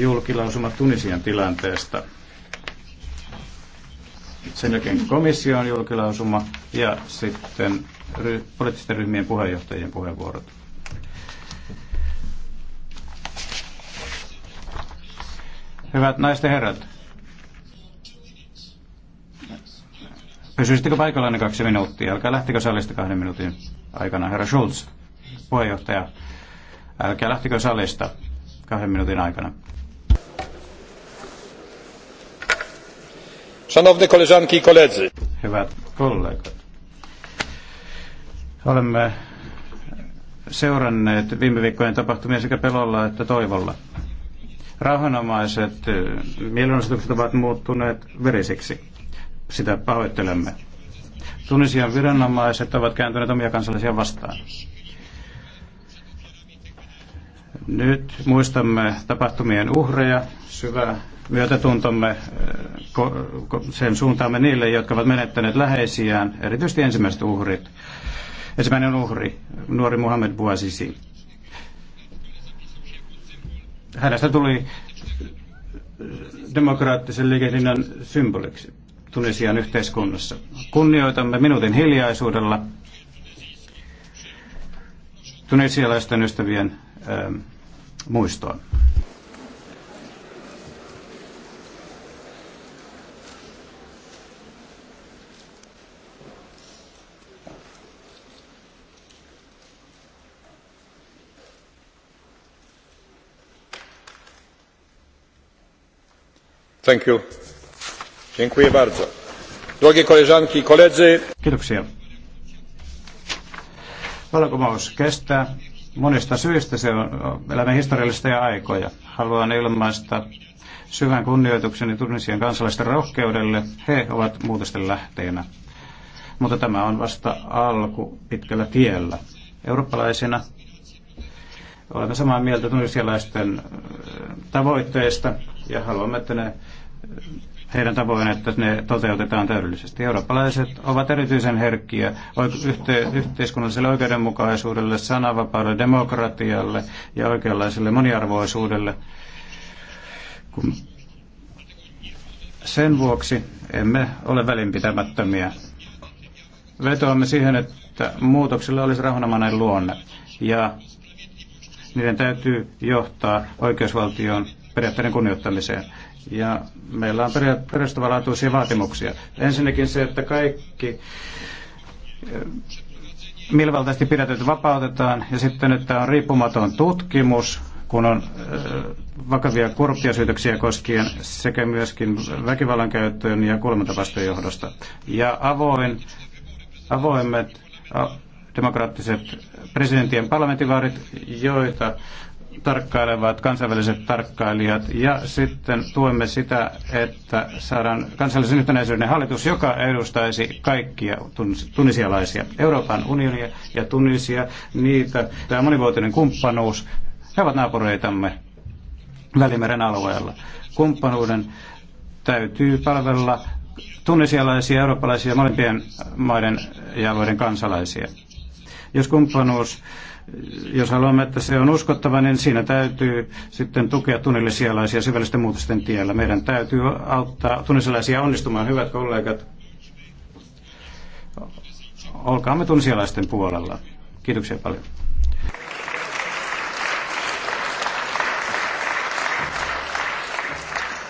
julkilausuma Tunisian tilanteesta. Sen jälkeen komission julkilausuma ja sitten ry- poliittisten ryhmien puheenjohtajien puheenvuorot. Hyvät naiset ja herrat, pysyisittekö paikallanne kaksi minuuttia? Älkää lähtikö salista kahden minuutin aikana. Herra Schulz, puheenjohtaja, älkää lähtikö salista kahden minuutin aikana. Szanowne koleżanki i koledzy. Hyvät kollegat. Olemme seuranneet viime viikkojen tapahtumia sekä pelolla että toivolla. Rauhanomaiset eh, mielenosoitukset ovat muuttuneet verisiksi. Sitä pahoittelemme. Tunisian viranomaiset ovat kääntyneet omia kansallisia vastaan. Nyt muistamme tapahtumien uhreja, syvä myötätuntomme eh, sen suuntaamme niille, jotka ovat menettäneet läheisiään, erityisesti ensimmäiset uhrit. Ensimmäinen uhri, nuori Muhammed Bouazizi. Hänestä tuli demokraattisen liikehdinnän symboliksi Tunisian yhteiskunnassa. Kunnioitamme minuutin hiljaisuudella tunisialaisten ystävien ähm, muistoon. Drogie koleżanki i koledzy. Vallankumous kestää monista syistä. Se on elämän historiallista ja aikoja. Haluan ilmaista syvän kunnioitukseni Tunisian kansalaisten rohkeudelle. He ovat muutosten lähteenä. Mutta tämä on vasta alku pitkällä tiellä. Eurooppalaisina olemme samaa mieltä tunisialaisten äh, tavoitteista ja haluamme, että ne heidän tavoin, että ne toteutetaan täydellisesti. Eurooppalaiset ovat erityisen herkkiä yhte- yhteiskunnalliselle oikeudenmukaisuudelle, sananvapaudelle, demokratialle ja oikeanlaiselle moniarvoisuudelle. Kun sen vuoksi emme ole välinpitämättömiä. Vetoamme siihen, että muutoksilla olisi rauhanomainen luonne ja niiden täytyy johtaa oikeusvaltion periaatteiden kunnioittamiseen. Ja meillä on perustavanlaatuisia vaatimuksia. Ensinnäkin se, että kaikki eh, milvaltaisesti pidätetyt vapautetaan ja sitten, että on riippumaton tutkimus, kun on eh, vakavia korruptiosyytöksiä koskien sekä myöskin väkivallan käyttöön ja kuolemantapaistojen johdosta. Ja avoin, avoimet demokraattiset presidentien parlamenttivaarit, joita tarkkailevat kansainväliset tarkkailijat ja sitten tuemme sitä, että saadaan kansallisen yhtenäisyyden hallitus, joka edustaisi kaikkia tunisialaisia, Euroopan unionia ja Tunisia, niitä, tämä monivuotinen kumppanuus, he ovat naapureitamme Välimeren alueella. Kumppanuuden täytyy palvella tunisialaisia, eurooppalaisia, molempien maiden ja alueiden kansalaisia. Jos kumppanuus jos haluamme, että se on uskottava, niin siinä täytyy sitten tukea tunillisialaisia syvällisten muutosten tiellä. Meidän täytyy auttaa tunisilaisia onnistumaan, hyvät kollegat. Olkaamme tunisialaisten puolella. Kiitoksia paljon.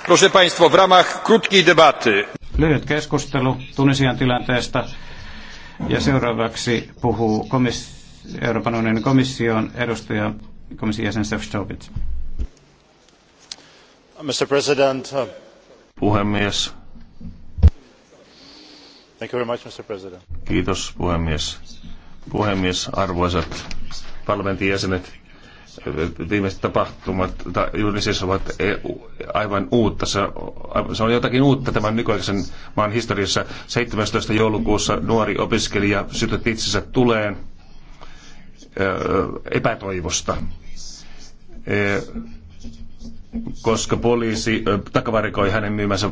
Proszę Państwa, w ramach krótkiej debaty. Lyhyt keskustelu Tunisian tilanteesta ja seuraavaksi puhuu komissio Euroopan unionin komission edustaja, komission jäsen Sefcovic. Mr. President. Uh, puhemies. Thank you very much, Mr. President. Kiitos puhemies. Puhemies, arvoisat parlamentin jäsenet, viimeiset tapahtumat tai siis ovat aivan uutta. Se, se on jotakin uutta tämän nykyaikaisen maan historiassa. 17. joulukuussa nuori opiskelija sytytti itsensä tuleen epätoivosta, koska poliisi takavarikoi hänen myymänsä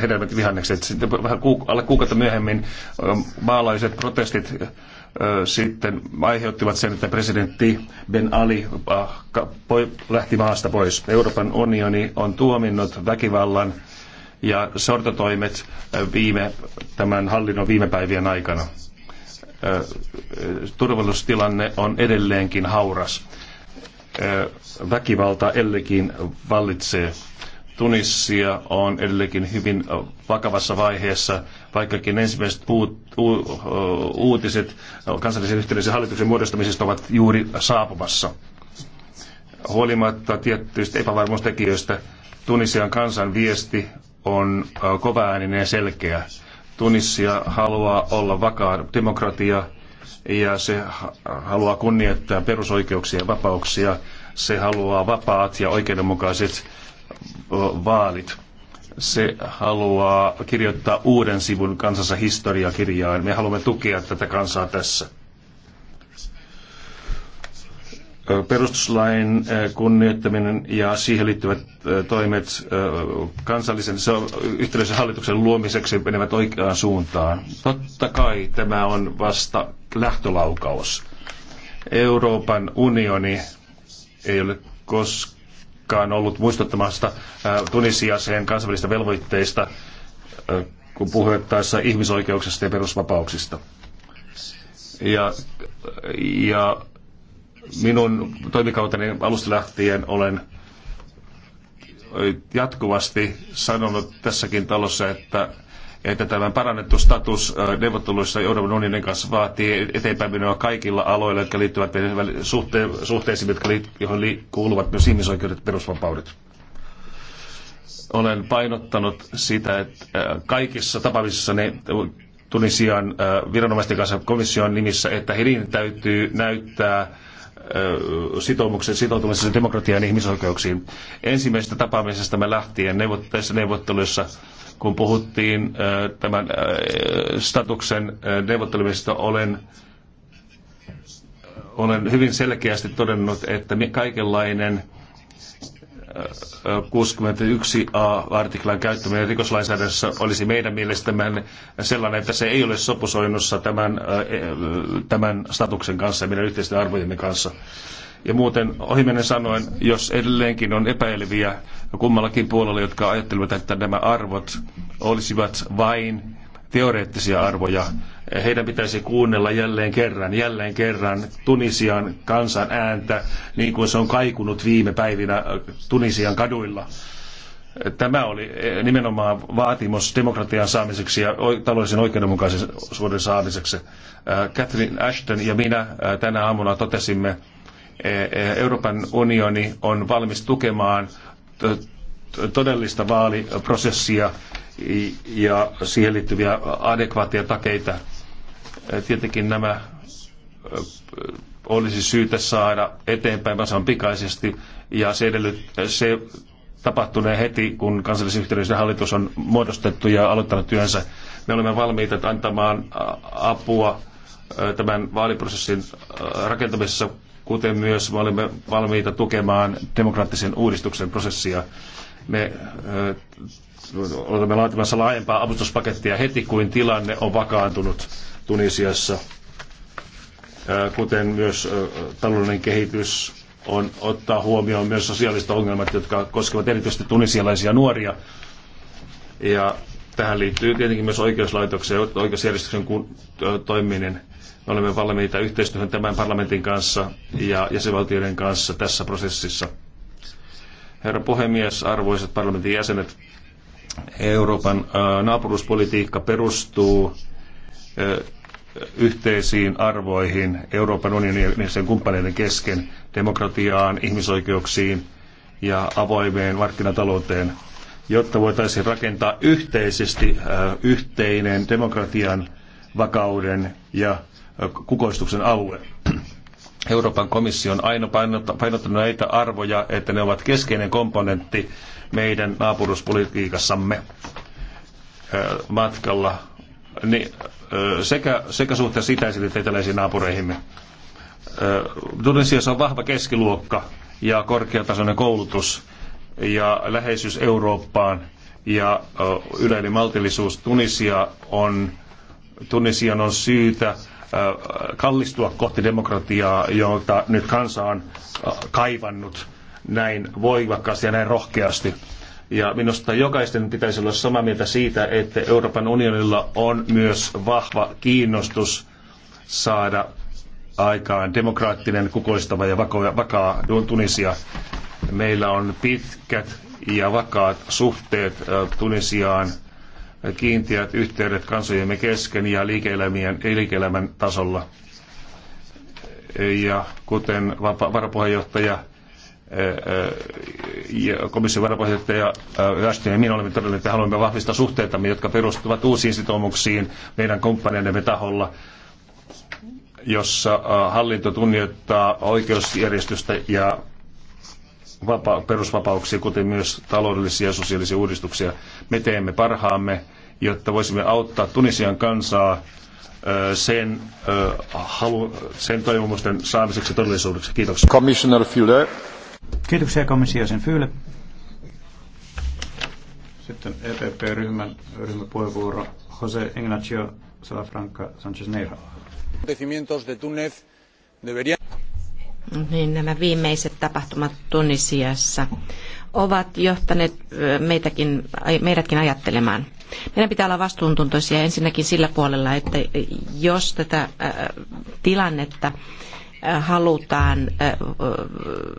hedelmät vihannekset. Sitten vähän kuuk- alle kuukautta myöhemmin maalaiset protestit sitten aiheuttivat sen, että presidentti Ben Ali lähti maasta pois. Euroopan unioni on tuominnut väkivallan ja sortotoimet viime, tämän hallinnon viime päivien aikana turvallisuustilanne on edelleenkin hauras. Väkivalta edelleenkin vallitsee. Tunisia on edelleenkin hyvin vakavassa vaiheessa, vaikkakin ensimmäiset uut, u, uutiset kansallisen yhteydessä hallituksen muodostamisesta ovat juuri saapumassa. Huolimatta tietyistä epävarmuustekijöistä, Tunisian kansan viesti on kovaääninen ja selkeä Tunisia haluaa olla vakaa demokratia ja se haluaa kunnioittaa perusoikeuksia ja vapauksia. Se haluaa vapaat ja oikeudenmukaiset vaalit. Se haluaa kirjoittaa uuden sivun kansansa historiakirjaan. Me haluamme tukea tätä kansaa tässä. perustuslain äh, kunnioittaminen ja siihen liittyvät äh, toimet äh, kansallisen yhteisen hallituksen luomiseksi menevät oikeaan suuntaan. Totta kai tämä on vasta lähtölaukaus. Euroopan unioni ei ole koskaan ollut muistuttamasta Tunisiaseen kansainvälistä velvoitteista, kun puhuttaessa ihmisoikeuksista ja perusvapauksista. Ja, ja Minun toimikauteni alusta lähtien olen jatkuvasti sanonut tässäkin talossa, että että tämä parannettu status neuvotteluissa Euroopan unionin kanssa vaatii eteenpäin menoa kaikilla aloilla, jotka liittyvät suhte- suhteisiin, jotka li- johon li- kuuluvat myös ihmisoikeudet ja perusvapaudet. Olen painottanut sitä, että kaikissa tapaamisissa ne Tunisian viranomaisten kanssa komission nimissä, että heidän täytyy näyttää sitoumuksen sitoutumisessa demokratiaan ja ihmisoikeuksiin. Ensimmäisestä tapaamisesta me lähtien neuvot- tässä neuvotteluissa, kun puhuttiin tämän statuksen neuvottelemisesta, olen olen hyvin selkeästi todennut, että kaikenlainen 61a artiklan käyttäminen rikoslainsäädännössä olisi meidän mielestämme sellainen, että se ei ole sopusoinnussa tämän, e, tämän statuksen kanssa ja meidän yhteisten arvojemme kanssa. Ja muuten ohimennen sanoen, jos edelleenkin on epäileviä kummallakin puolella, jotka ajattelevat, että nämä arvot olisivat vain teoreettisia arvoja, heidän pitäisi kuunnella jälleen kerran, jälleen kerran Tunisian kansan ääntä, niin kuin se on kaikunut viime päivinä äh, Tunisian kaduilla. Tämä oli eh, nimenomaan vaatimus demokratian saamiseksi ja taloudellisen oikeudenmukaisuuden saamiseksi. Äh, Catherine Ashton ja minä äh, tänä aamuna totesimme, eh, eh, Euroopan unioni on valmis tukemaan todellista vaaliprosessia ja siihen liittyviä adekvaatteja takeita. Tietenkin nämä olisi syytä saada eteenpäin vasan pikaisesti ja se, edellyt, se tapahtunee heti, kun kansallisyhteisön hallitus on muodostettu ja aloittanut työnsä. Me olemme valmiita antamaan apua tämän vaaliprosessin rakentamisessa, kuten myös me olemme valmiita tukemaan demokraattisen uudistuksen prosessia. Me olemme laatimassa laajempaa avustuspakettia heti, kuin tilanne on vakaantunut Tunisiassa, kuten myös taloudellinen kehitys on ottaa huomioon myös sosiaaliset ongelmat, jotka koskevat erityisesti tunisialaisia nuoria. Ja tähän liittyy tietenkin myös oikeuslaitoksen ja oikeusjärjestyksen toimiminen. Me olemme valmiita yhteistyöhön tämän parlamentin kanssa ja jäsenvaltioiden kanssa tässä prosessissa. Herra puhemies, arvoisat parlamentin jäsenet, Euroopan naapuruuspolitiikka perustuu yhteisiin arvoihin Euroopan unionin ja sen kumppaneiden kesken, demokratiaan, ihmisoikeuksiin ja avoimeen markkinatalouteen, jotta voitaisiin rakentaa yhteisesti yhteinen demokratian, vakauden ja kukoistuksen alue. Euroopan komissio on aina painottanut näitä arvoja, että ne ovat keskeinen komponentti meidän naapuruspolitiikassamme matkalla niin, sekä, sekä suhteessa itäisiin että eteläisiin naapureihimme. Tunisiassa on vahva keskiluokka ja korkeatasoinen koulutus ja läheisyys Eurooppaan ja yleinen maltillisuus. Tunisia on, Tunisian on syytä kallistua kohti demokratiaa, jota nyt kansa on kaivannut näin voimakkaasti ja näin rohkeasti. Ja minusta jokaisten pitäisi olla samaa mieltä siitä, että Euroopan unionilla on myös vahva kiinnostus saada aikaan demokraattinen, kukoistava ja vakaa Tunisia. Meillä on pitkät ja vakaat suhteet Tunisiaan, kiinteät yhteydet kansojemme kesken ja liike-elämän, tasolla. Ja kuten varapuheenjohtaja komission varapuheenjohtaja Ashton ja minä olemme todenneet, että haluamme vahvistaa suhteitamme, jotka perustuvat uusiin sitoumuksiin meidän kumppaneidemme taholla, jossa hallinto tunnioittaa oikeusjärjestystä ja vapa- perusvapauksia, kuten myös taloudellisia ja sosiaalisia uudistuksia. Me teemme parhaamme, jotta voisimme auttaa Tunisian kansaa sen, halu, sen toivomusten saamiseksi todellisuudeksi. Kiitoksia. Commissioner Fuller. Kiitoksia komissio sen Fyyle. Sitten EPP-ryhmän ryhmäpuheenvuoro Jose Ignacio Salafranca Sanchez Neira. Niin, nämä viimeiset tapahtumat Tunisiassa ovat johtaneet meitäkin, meidätkin ajattelemaan. Meidän pitää olla vastuuntuntoisia ensinnäkin sillä puolella, että jos tätä tilannetta halutaan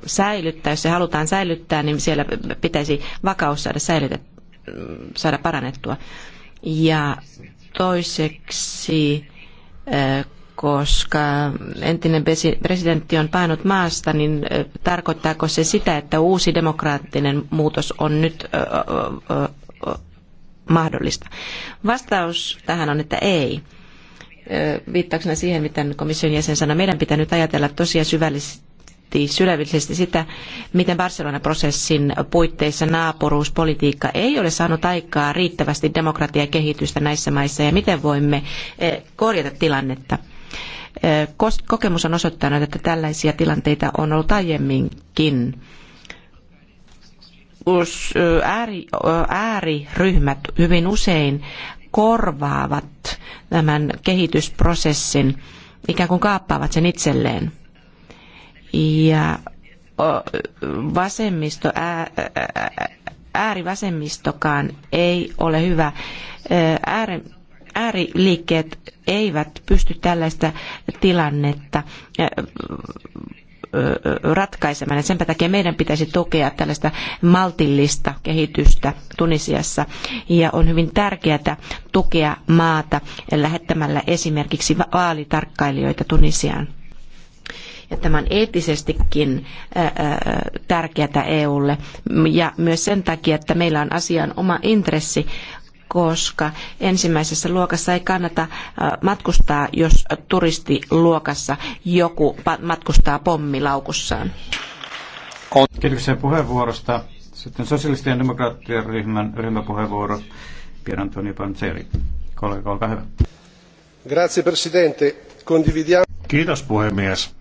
säilyttää, jos se halutaan säilyttää, niin siellä pitäisi vakaus saada, säilytet, saada parannettua. Ja toiseksi, koska entinen presidentti on painut maasta, niin tarkoittaako se sitä, että uusi demokraattinen muutos on nyt mahdollista? Vastaus tähän on, että ei viittauksena siihen, mitä komission jäsen sanoi, meidän pitää nyt ajatella tosiaan syvällisesti, syvällisesti sitä, miten Barcelona-prosessin puitteissa naapuruuspolitiikka ei ole saanut aikaa riittävästi demokratiakehitystä näissä maissa ja miten voimme korjata tilannetta. Kokemus on osoittanut, että tällaisia tilanteita on ollut aiemminkin ääriryhmät hyvin usein korvaavat tämän kehitysprosessin, ikään kuin kaappaavat sen itselleen. Ja vasemmisto, ää, äärivasemmistokaan ei ole hyvä. Ääri, ääriliikkeet eivät pysty tällaista tilannetta ratkaisemaan. Ja takia meidän pitäisi tukea tällaista maltillista kehitystä Tunisiassa. Ja on hyvin tärkeää tukea maata lähettämällä esimerkiksi vaalitarkkailijoita Tunisiaan. Ja tämä on eettisestikin tärkeää EUlle ja myös sen takia, että meillä on asiaan oma intressi koska ensimmäisessä luokassa ei kannata äh, matkustaa, jos turistiluokassa joku matkustaa pommilaukussaan. Kiitoksia puheenvuorosta. Sitten sosialistien demokraattien ryhmän ryhmäpuheenvuoro. Pier Antonio Panzeri. Kollega, olkaa hyvä. Grazie, presidente. Condividiamo... Kiitos puhemies.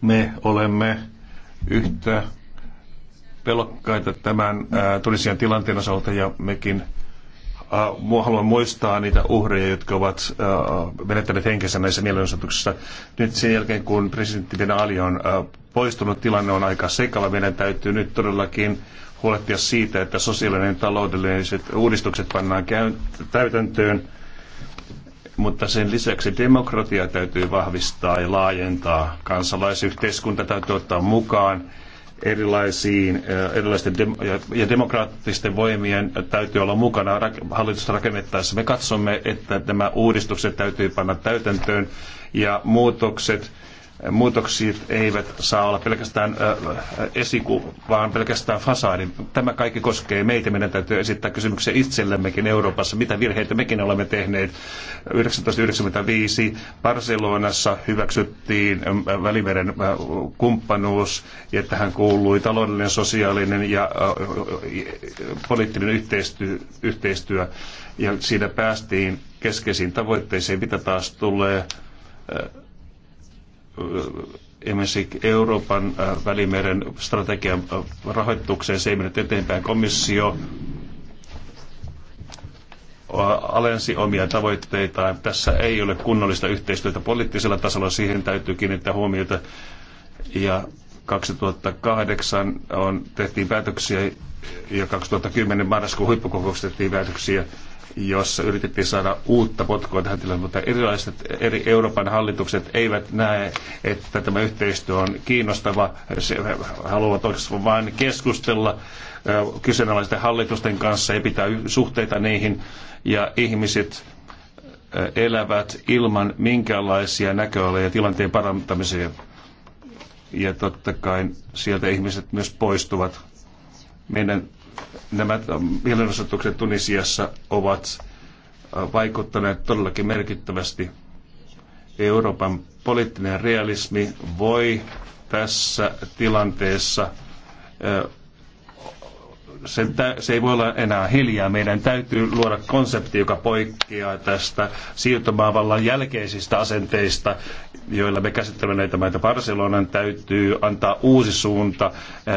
Me olemme yhtä pelokkaita tämän Tunisian tilanteen osalta ja mekin haluan muistaa niitä uhreja, jotka ovat menettäneet henkensä näissä mielenosoituksissa. Nyt sen jälkeen, kun presidentti Ben Ali on poistunut, tilanne on aika sekava. Meidän täytyy nyt todellakin huolehtia siitä, että sosiaalinen ja taloudelliset uudistukset pannaan täytäntöön, mutta sen lisäksi demokratia täytyy vahvistaa ja laajentaa. Kansalaisyhteiskunta täytyy ottaa mukaan erilaisiin, äh, erilaisten ja demokraattisten voimien täytyy olla mukana hallitusta rakennettaessa. Me katsomme, että nämä uudistukset täytyy panna täytäntöön ja muutokset muutokset eivät saa olla pelkästään esiku, vaan pelkästään fasaadin. Tämä kaikki koskee meitä. Meidän täytyy esittää kysymyksiä itsellemmekin Euroopassa, mitä virheitä mekin olemme tehneet. 1995 Barcelonassa hyväksyttiin Välimeren kumppanuus, ja tähän kuului taloudellinen, sosiaalinen ja poliittinen yhteistyö, yhteistyö ja siinä päästiin keskeisiin tavoitteisiin, mitä taas tulee esimerkiksi Euroopan välimeren strategian rahoitukseen se ei mennyt eteenpäin. Komissio alensi omia tavoitteitaan. Tässä ei ole kunnollista yhteistyötä poliittisella tasolla, siihen täytyy kiinnittää huomiota. Ja 2008 on, tehtiin päätöksiä ja 2010 marraskuun huippukokouksessa tehtiin päätöksiä jossa yritettiin saada uutta potkua tähän tilanteeseen, mutta erilaiset eri Euroopan hallitukset eivät näe, että tämä yhteistyö on kiinnostava. Se haluavat oikeastaan vain keskustella kyseenalaisten hallitusten kanssa ja pitää suhteita niihin. Ja ihmiset elävät ilman minkäänlaisia näköaloja tilanteen parantamiseen. Ja totta kai sieltä ihmiset myös poistuvat. Meidän nämä mielenosoitukset äh, Tunisiassa ovat äh, vaikuttaneet todellakin merkittävästi. Euroopan poliittinen realismi voi tässä tilanteessa äh, se ei voi olla enää hiljaa. Meidän täytyy luoda konsepti, joka poikkeaa tästä siirtomaavallan jälkeisistä asenteista, joilla me käsittelemme näitä maita. Barcelonan täytyy antaa uusi suunta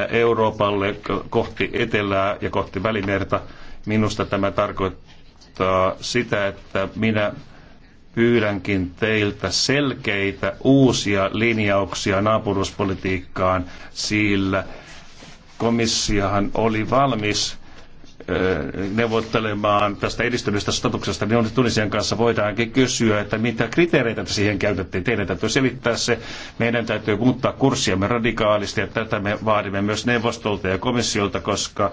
Euroopalle kohti etelää ja kohti välimerta. Minusta tämä tarkoittaa sitä, että minä pyydänkin teiltä selkeitä uusia linjauksia naapuruspolitiikkaan, sillä komissiohan oli valmis neuvottelemaan tästä edistyneestä statuksesta niin Tunisian kanssa voidaankin kysyä, että mitä kriteereitä siihen käytettiin. Teidän täytyy selittää se. Meidän täytyy muuttaa kurssiamme radikaalisti ja tätä me vaadimme myös neuvostolta ja komissiolta, koska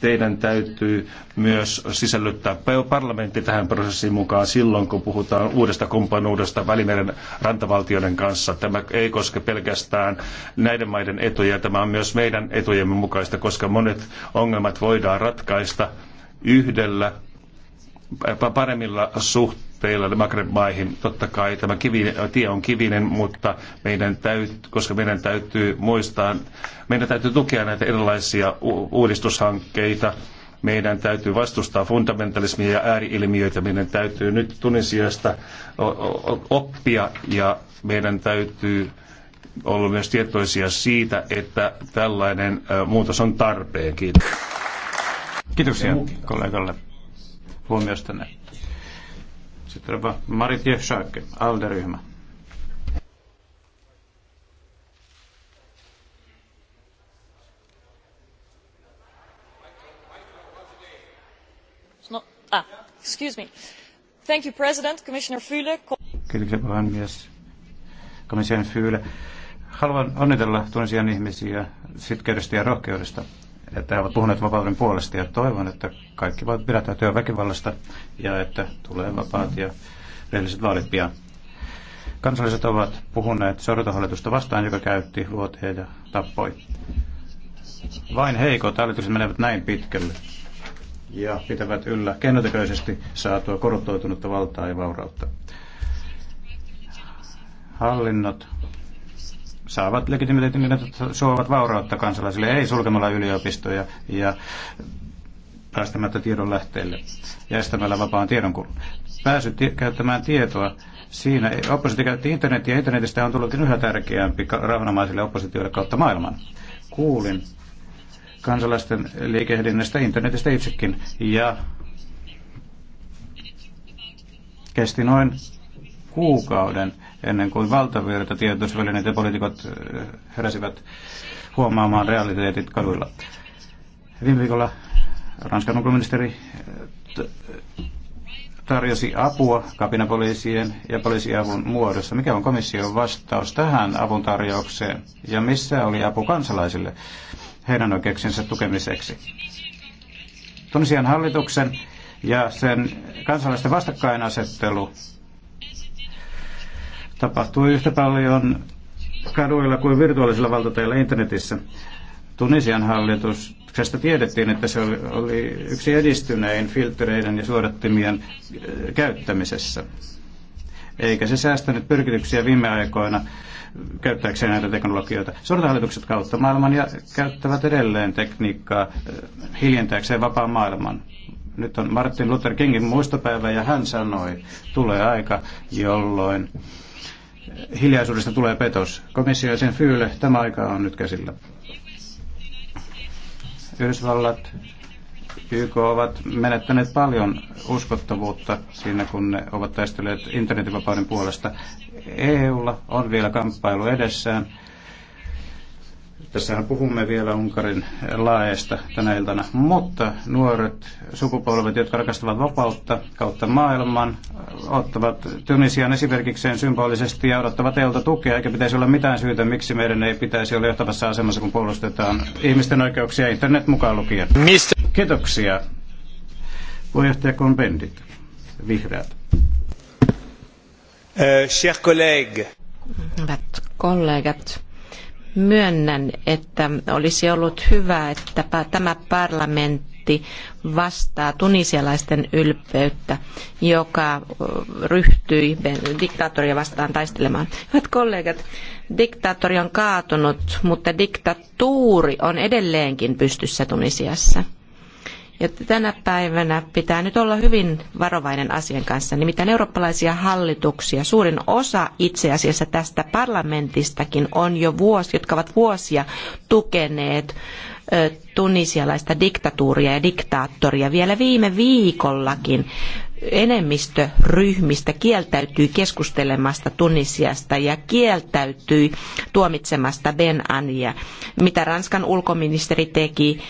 teidän täytyy myös sisällyttää parlamentti tähän prosessiin mukaan silloin, kun puhutaan uudesta kumppanuudesta Välimeren rantavaltioiden kanssa. Tämä ei koske pelkästään näiden maiden etuja, tämä on myös meidän etujemme mukaista, koska monet ongelmat voidaan ratkaista yhdellä paremmilla suhteilla Maghreb-maihin. Totta kai tämä kivinen, tie on kivinen, mutta meidän täytyy, koska meidän täytyy muistaa, meidän täytyy tukea näitä erilaisia uudistushankkeita, meidän täytyy vastustaa fundamentalismia ja ääriilmiöitä, meidän täytyy nyt Tunisiasta oppia ja meidän täytyy olla myös tietoisia siitä, että tällainen muutos on tarpeen. Kiitos. Kiitoksia kollegalle näin. Sitten on Marit Schaake, ALDE-ryhmä. No, ah, excuse me. Thank you, President, Commissioner Füle. Kiitoksia puhemies, komission Füle. Haluan onnitella Tunisian ihmisiä sitkeydestä ja rohkeudesta että he ovat puhuneet vapauden puolesta ja toivon, että kaikki voivat pidättäytyä väkivallasta ja että tulee vapaat ja rehelliset vaalit pian. Kansalliset ovat puhuneet sortohallitusta vastaan, joka käytti luoteja ja tappoi. Vain heikot hallitukset menevät näin pitkälle ja pitävät yllä kennotekoisesti saatua korruptoitunutta valtaa ja vaurautta. Hallinnot saavat legitimiteetin, niin ne suovat vaurautta kansalaisille, ei sulkemalla yliopistoja ja päästämättä tiedon lähteelle ja estämällä vapaan kulun. Pääsy tie- käyttämään tietoa siinä oppositio käytti internetiä, internetistä on tullutkin yhä tärkeämpi rauhanomaisille oppositioille kautta maailman. Kuulin kansalaisten liikehdinnästä internetistä itsekin ja kesti noin kuukauden ennen kuin valtavirta tiedotusvälineet ja poliitikot eh, heräsivät huomaamaan realiteetit kaduilla. Viime viikolla Ranskan ulkoministeri eh, tarjosi apua kapinapoliisien ja poliisiavun muodossa. Mikä on komission vastaus tähän avun tarjoukseen ja missä oli apu kansalaisille heidän oikeuksiensa tukemiseksi? Tunisian hallituksen ja sen kansalaisten vastakkainasettelu tapahtui yhtä paljon kaduilla kuin virtuaalisilla valtateilla internetissä. Tunisian hallituksesta tiedettiin, että se oli, oli yksi edistynein filtreiden ja suodattimien äh, käyttämisessä. Eikä se säästänyt pyrkityksiä viime aikoina käyttääkseen näitä teknologioita. Sortahallitukset kautta maailman ja käyttävät edelleen tekniikkaa äh, hiljentääkseen vapaan maailman. Nyt on Martin Luther Kingin muistopäivä ja hän sanoi, tulee aika, jolloin hiljaisuudesta tulee petos. Komissio ja sen fyyle, tämä aika on nyt käsillä. Yhdysvallat, YK ovat menettäneet paljon uskottavuutta siinä, kun ne ovat taistelleet internetin vapauden puolesta. EUlla on vielä kamppailu edessään Tässähän puhumme vielä Unkarin laeista tänä iltana, mutta nuoret sukupolvet, jotka rakastavat vapautta kautta maailman, ottavat Tunisian esimerkikseen symbolisesti ja odottavat EUlta tukea, eikä pitäisi olla mitään syytä, miksi meidän ei pitäisi olla johtavassa asemassa, kun puolustetaan ihmisten oikeuksia internet mukaan lukien. Mistä? Kiitoksia. Puheenjohtaja Konbendit, vihreät. Äh, Hyvät kollegat, Myönnän, että olisi ollut hyvä, että tämä parlamentti vastaa tunisialaisten ylpeyttä, joka ryhtyi diktaattoria vastaan taistelemaan. Hyvät kollegat, diktaattori on kaatunut, mutta diktatuuri on edelleenkin pystyssä Tunisiassa. Ja tänä päivänä pitää nyt olla hyvin varovainen asian kanssa. Nimittäin eurooppalaisia hallituksia, suurin osa itse asiassa tästä parlamentistakin on jo vuosi, jotka ovat vuosia tukeneet tunisialaista diktatuuria ja diktaattoria. Vielä viime viikollakin enemmistö ryhmistä kieltäytyi keskustelemasta Tunisiasta ja kieltäytyi tuomitsemasta Ben Ania, mitä Ranskan ulkoministeri teki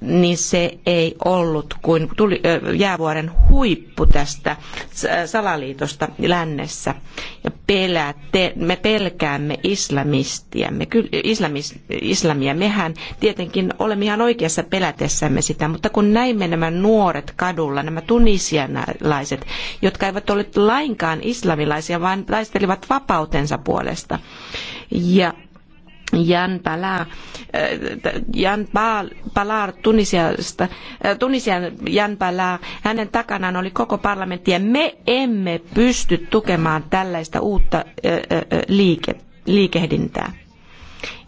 niin se ei ollut kuin tuli, jäävuoren huippu tästä salaliitosta lännessä. Ja pelätte, me pelkäämme islamistia, me islamis, islamia. Mehän tietenkin olemme ihan oikeassa pelätessämme sitä, mutta kun näimme nämä nuoret kadulla, nämä tunisialaiset, jotka eivät olleet lainkaan islamilaisia, vaan taistelivat vapautensa puolesta. Ja Jan Palar, äh, Jan Palar Tunisiasta, äh, Tunisian Jan Palar, hänen takanaan oli koko parlamentti ja me emme pysty tukemaan tällaista uutta äh, liike, liikehdintää.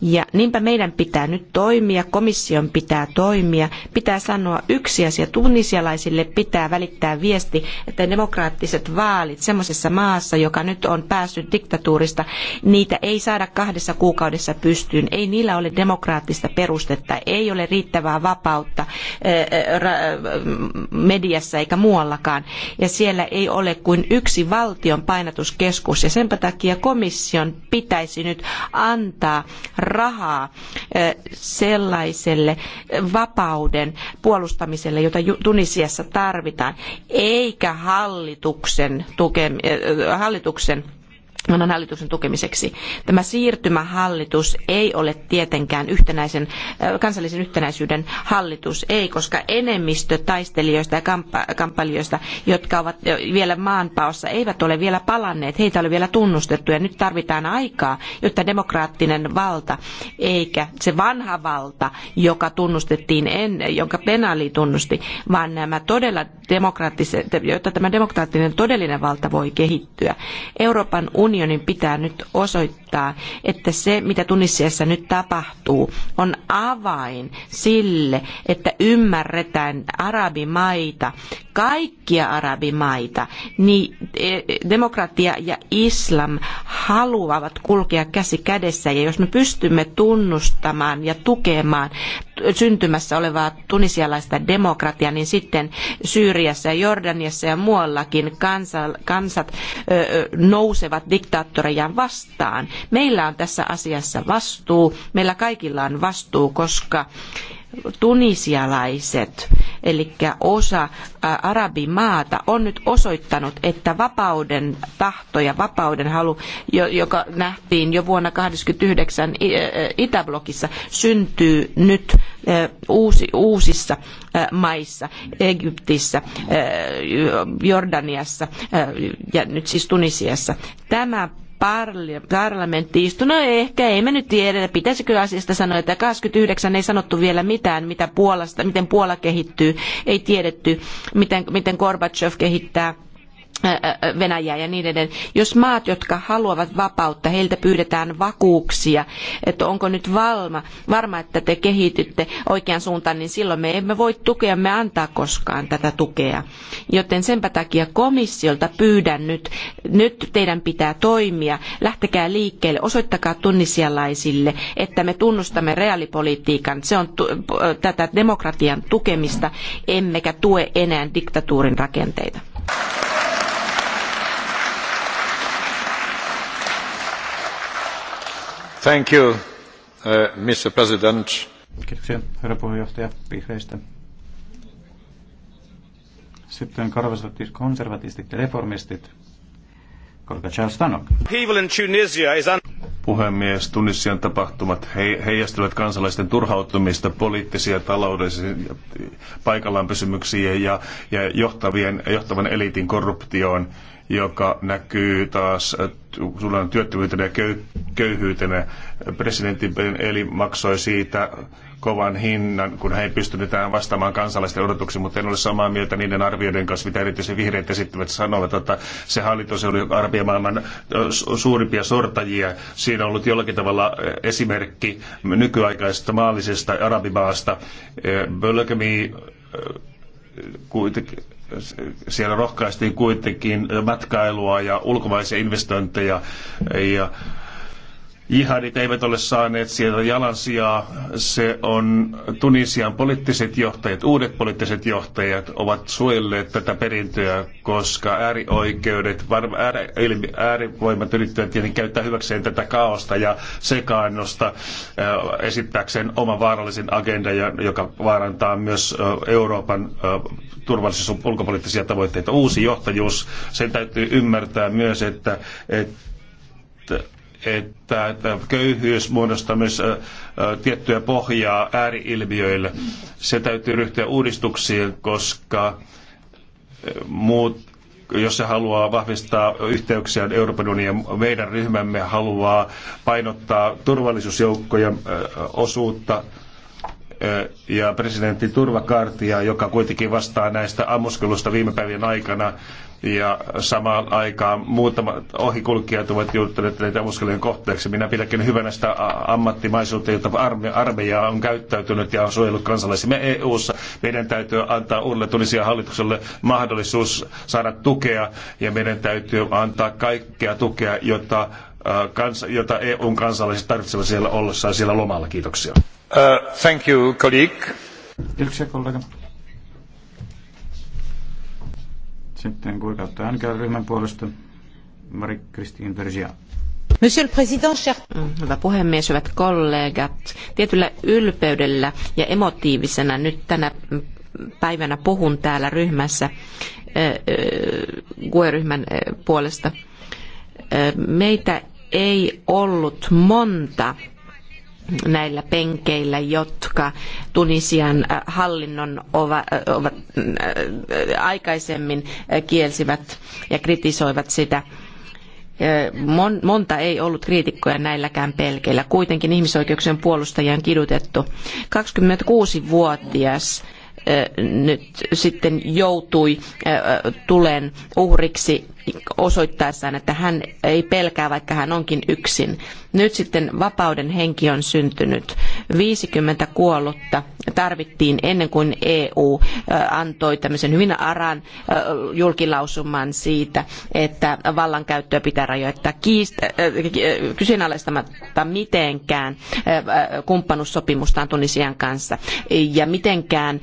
Ja niinpä meidän pitää nyt toimia, komission pitää toimia, pitää sanoa yksi asia. Tunisialaisille pitää välittää viesti, että demokraattiset vaalit semmoisessa maassa, joka nyt on päässyt diktatuurista, niitä ei saada kahdessa kuukaudessa pystyyn. Ei niillä ole demokraattista perustetta, ei ole riittävää vapautta eh, eh, eh, mediassa eikä muuallakaan. Ja siellä ei ole kuin yksi valtion painatuskeskus ja senpä takia komission pitäisi nyt antaa rahaa sellaiselle vapauden puolustamiselle, jota Tunisiassa tarvitaan, eikä hallituksen, tukem hallituksen maan hallituksen tukemiseksi. Tämä siirtymähallitus ei ole tietenkään yhtenäisen, äh, kansallisen yhtenäisyyden hallitus, ei, koska enemmistö taistelijoista ja kamppailijoista, jotka ovat äh, vielä maanpaossa, eivät ole vielä palanneet, heitä oli vielä tunnustettu ja nyt tarvitaan aikaa, jotta demokraattinen valta, eikä se vanha valta, joka tunnustettiin ennen, jonka penali tunnusti, vaan nämä todella demokraattiset, jotta tämä demokraattinen todellinen valta voi kehittyä. Euroopan unioni unionin pitää nyt osoittaa, että se, mitä Tunisiassa nyt tapahtuu, on avain sille, että ymmärretään arabimaita, kaikkia arabimaita, niin e, e, demokratia ja islam haluavat kulkea käsi kädessä. Ja jos me pystymme tunnustamaan ja tukemaan syntymässä olevaa tunisialaista demokratiaa, niin sitten Syyriassa ja Jordaniassa ja muuallakin kansat nousevat diktaattoreja vastaan. Meillä on tässä asiassa vastuu, meillä kaikilla on vastuu, koska tunisialaiset, eli osa arabimaata, on nyt osoittanut, että vapauden tahto ja vapauden halu, joka nähtiin jo vuonna 1989 Itäblokissa, syntyy nyt uusissa maissa, Egyptissä, Jordaniassa ja nyt siis Tunisiassa. Tämä parlamentti istui. No ehkä me nyt tiedetä, pitäisikö asiasta sanoa, että 29 ei sanottu vielä mitään, mitä Puolasta, miten Puola kehittyy, ei tiedetty, miten, miten Gorbachev kehittää Venäjää ja niin edelleen. Jos maat, jotka haluavat vapautta, heiltä pyydetään vakuuksia, että onko nyt valma, varma, että te kehitytte oikeaan suuntaan, niin silloin me emme voi tukea, me antaa koskaan tätä tukea. Joten senpä takia komissiolta pyydän nyt, nyt teidän pitää toimia, lähtekää liikkeelle, osoittakaa tunnisialaisille, että me tunnustamme reaalipolitiikan, se on tätä demokratian tukemista, emmekä tue enää diktatuurin rakenteita. Thank you, uh, herra puheenjohtaja vihreistä. Sitten konservatistit ja reformistit. Kolka Charles Tanok. Puhemies, Tunisian tapahtumat he, kansalaisten turhautumista poliittisia, taloudellisia paikallaan pysymyksiä ja, ja johtavien, johtavan eliitin korruptioon joka näkyy taas työttömyytenä ja köyhyytenä. Presidentti eli maksoi siitä kovan hinnan, kun he ei pystynyt tähän vastaamaan kansalaisten odotuksiin, mutta en ole samaa mieltä niiden arvioiden kanssa, mitä erityisesti vihreät esittävät sanovat, että se hallitus oli arvia maailman suurimpia sortajia. Siinä on ollut jollakin tavalla esimerkki nykyaikaisesta maallisesta arabimaasta. Bölkemi kuitenkin, siellä rohkaistiin kuitenkin matkailua ja ulkomaisia investointeja ja Jihadit eivät ole saaneet sieltä jalansijaa. Se on Tunisian poliittiset johtajat, uudet poliittiset johtajat ovat suojelleet tätä perintöä, koska äärioikeudet, var, ääri, äärivoimat yrittävät tietenkin käyttää hyväkseen tätä kaosta ja sekaannusta äh, esittääkseen oma vaarallisen agenda, joka vaarantaa myös äh, Euroopan äh, turvallisuus- ja ulkopoliittisia tavoitteita. Uusi johtajuus, sen täytyy ymmärtää myös, että, että että köyhyys muodostaa myös äh, äh, tiettyä pohjaa ääriilmiöille. Se täytyy ryhtyä uudistuksiin, koska äh, muut, jos se haluaa vahvistaa yhteyksiä Euroopan unionin, meidän ryhmämme haluaa painottaa turvallisuusjoukkojen osuutta ja presidentti turvakartia, joka kuitenkin vastaa näistä ammuskelusta viime päivien aikana. Ja samaan aikaan muutamat ohikulkijat ovat joutuneet näitä ammuskelujen kohteeksi. Minä pidänkin hyvänä sitä ammattimaisuutta, jota armeija on käyttäytynyt ja on suojellut kansalaisimme EU-ssa. Meidän täytyy antaa uudelle tulisia hallitukselle mahdollisuus saada tukea ja meidän täytyy antaa kaikkea tukea, jotta kans, jota EUn kansalaiset tarvitsevat siellä ollessaan siellä lomalla. Kiitoksia. Uh, thank you, colleague. Kiitoksia, kollega. Sitten kuikautta NKR-ryhmän puolesta Marie-Christine Vergia. Monsieur le Président, cher... Mm, hyvä puhemies, hyvät kollegat. Tietyllä ylpeydellä ja emotiivisena nyt tänä päivänä puhun täällä ryhmässä GUE-ryhmän puolesta – Meitä ei ollut monta näillä penkeillä, jotka Tunisian hallinnon ovat, aikaisemmin kielsivät ja kritisoivat sitä monta ei ollut kriitikkoja näilläkään pelkeillä. Kuitenkin ihmisoikeuksien puolustajia on kidutettu. 26-vuotias nyt sitten joutui tulen uhriksi osoittaessaan, että hän ei pelkää, vaikka hän onkin yksin. Nyt sitten vapauden henki on syntynyt. 50 kuollutta tarvittiin ennen kuin EU äh, antoi tämmöisen hyvin aran äh, julkilausuman siitä, että vallankäyttöä pitää rajoittaa kiistä, äh, kyseenalaistamatta mitenkään kumppanussopimustaan Tunisian kanssa ja mitenkään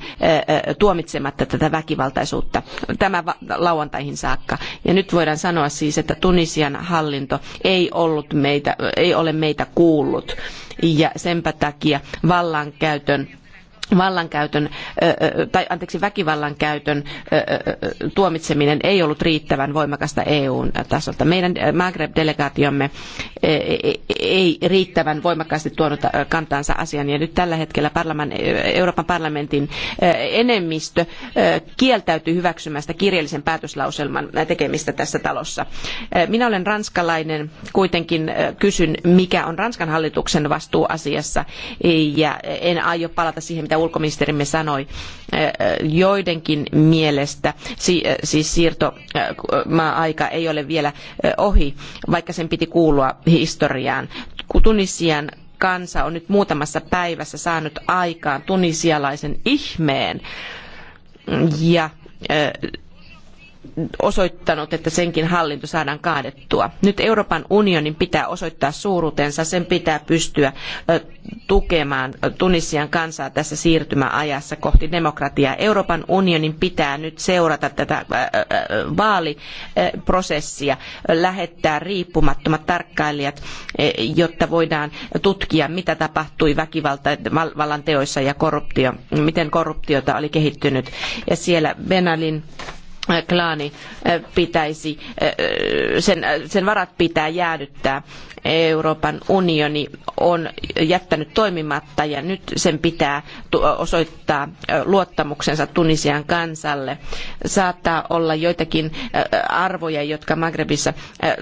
tuomitsematta tätä väkivaltaisuutta tämä lauantaihin saakka. Ja nyt voidaan sanoa siis, että Tunisian hallinto ei, ollut meitä, ei ole meitä kuullut ja senpä takia vallankäytön vallankäytön, tai anteeksi, väkivallan käytön tuomitseminen ei ollut riittävän voimakasta EUn tasolta. Meidän Maghreb-delegaatiomme E, e, e, ei riittävän voimakkaasti tuonut kantaansa asiaan. Ja nyt tällä hetkellä Euroopan parlamentin enemmistö kieltäytyy hyväksymästä kirjallisen päätöslauselman tekemistä tässä talossa. Minä olen ranskalainen, kuitenkin kysyn, mikä on Ranskan hallituksen vastuu asiassa, ja en aio palata siihen, mitä ulkoministerimme sanoi joidenkin mielestä siis siirtomaa-aika ei ole vielä ohi, vaikka sen piti kuulua historiaan. Tunisian kansa on nyt muutamassa päivässä saanut aikaan tunisialaisen ihmeen ja osoittanut, että senkin hallinto saadaan kaadettua. Nyt Euroopan unionin pitää osoittaa suuruutensa, sen pitää pystyä tukemaan Tunisian kansaa tässä siirtymäajassa kohti demokratiaa. Euroopan unionin pitää nyt seurata tätä vaaliprosessia, lähettää riippumattomat tarkkailijat, e, jotta voidaan tutkia, mitä tapahtui väkivallan teoissa ja korruptio, miten korruptiota oli kehittynyt. Ja siellä Benalin klaani pitäisi, sen, sen varat pitää jäädyttää. Euroopan unioni on jättänyt toimimatta ja nyt sen pitää osoittaa luottamuksensa Tunisian kansalle. Saattaa olla joitakin arvoja, jotka Magrebissa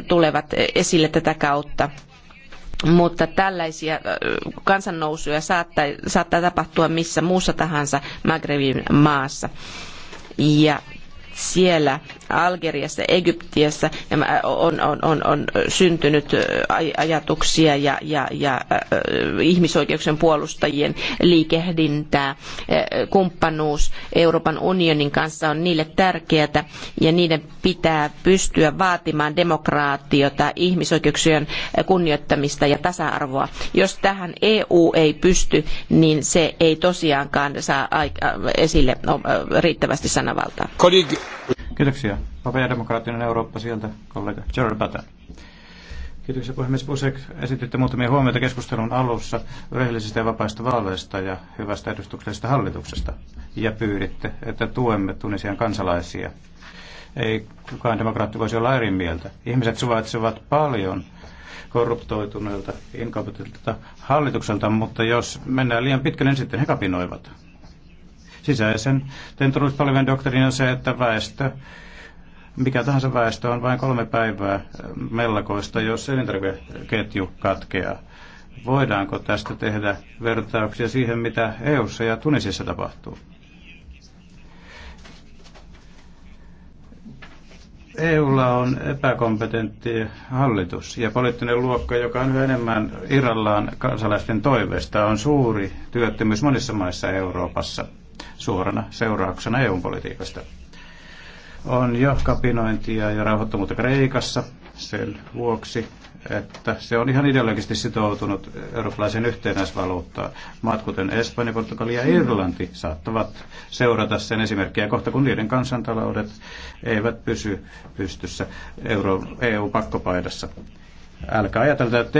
tulevat esille tätä kautta mutta tällaisia kansannousuja saattaa, saattaa tapahtua missä muussa tahansa Magrebin maassa. Ja siellä Algeriassa, Egyptissä on, on, on, on syntynyt ajatuksia ja, ja, ja ihmisoikeuksien puolustajien liikehdintää. Kumppanuus Euroopan unionin kanssa on niille tärkeää ja niiden pitää pystyä vaatimaan demokraatiota, ihmisoikeuksien kunnioittamista ja tasa-arvoa. Jos tähän EU ei pysty, niin se ei tosiaankaan saa esille no, riittävästi sananvaltaa. Kiitoksia. Vapea demokraattinen Eurooppa sieltä, kollega Gerald Batten. Kiitoksia puhemies Busek. Esititte muutamia huomioita keskustelun alussa rehellisistä ja vapaista vaaleista ja hyvästä edustuksellisesta hallituksesta. Ja pyyditte, että tuemme Tunisian kansalaisia. Ei kukaan demokraatti voisi olla eri mieltä. Ihmiset suvaitsevat paljon korruptoituneelta, inkompetentilta hallitukselta, mutta jos mennään liian pitkälle, niin sitten he kapinoivat. Sisäisen turvallisuuspalvelujen doktriini on se, että väestö mikä tahansa väestö on vain kolme päivää mellakoista, jos elintarvikeketju katkeaa. Voidaanko tästä tehdä vertauksia siihen, mitä EU:ssa ja Tunisissa tapahtuu? EUlla on epäkompetentti hallitus ja poliittinen luokka, joka on yhä enemmän irrallaan kansalaisten toiveesta, on suuri työttömyys monissa maissa Euroopassa suorana seurauksena EU-politiikasta. On jo kapinointia ja rauhoittomuutta Kreikassa sen vuoksi, että se on ihan ideologisesti sitoutunut eurooppalaisen yhtenäisvaluuttaan. Maat kuten Espanja, Portugali ja Irlanti saattavat seurata sen esimerkkiä kohta, kun niiden kansantaloudet eivät pysy pystyssä EU-pakkopaidassa. Älkää ajatella, että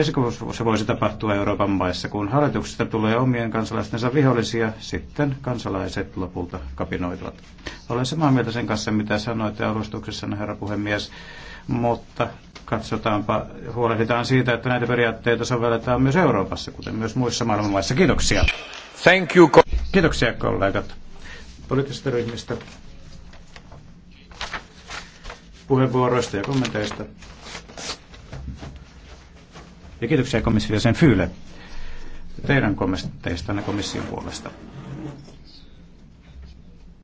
se voisi tapahtua Euroopan maissa. Kun hallituksesta tulee omien kansalaistensa vihollisia, sitten kansalaiset lopulta kapinoituvat. Olen samaa mieltä sen kanssa, mitä sanoitte alustuksessa, herra puhemies, mutta katsotaanpa, huolehditaan siitä, että näitä periaatteita sovelletaan myös Euroopassa, kuten myös muissa maissa. Kiitoksia. Thank you. Kiitoksia kollegat poliittisista ryhmistä puheenvuoroista ja kommenteista. Ja kiitoksia komissio sen Fyyle teidän kommenteistanne komission puolesta.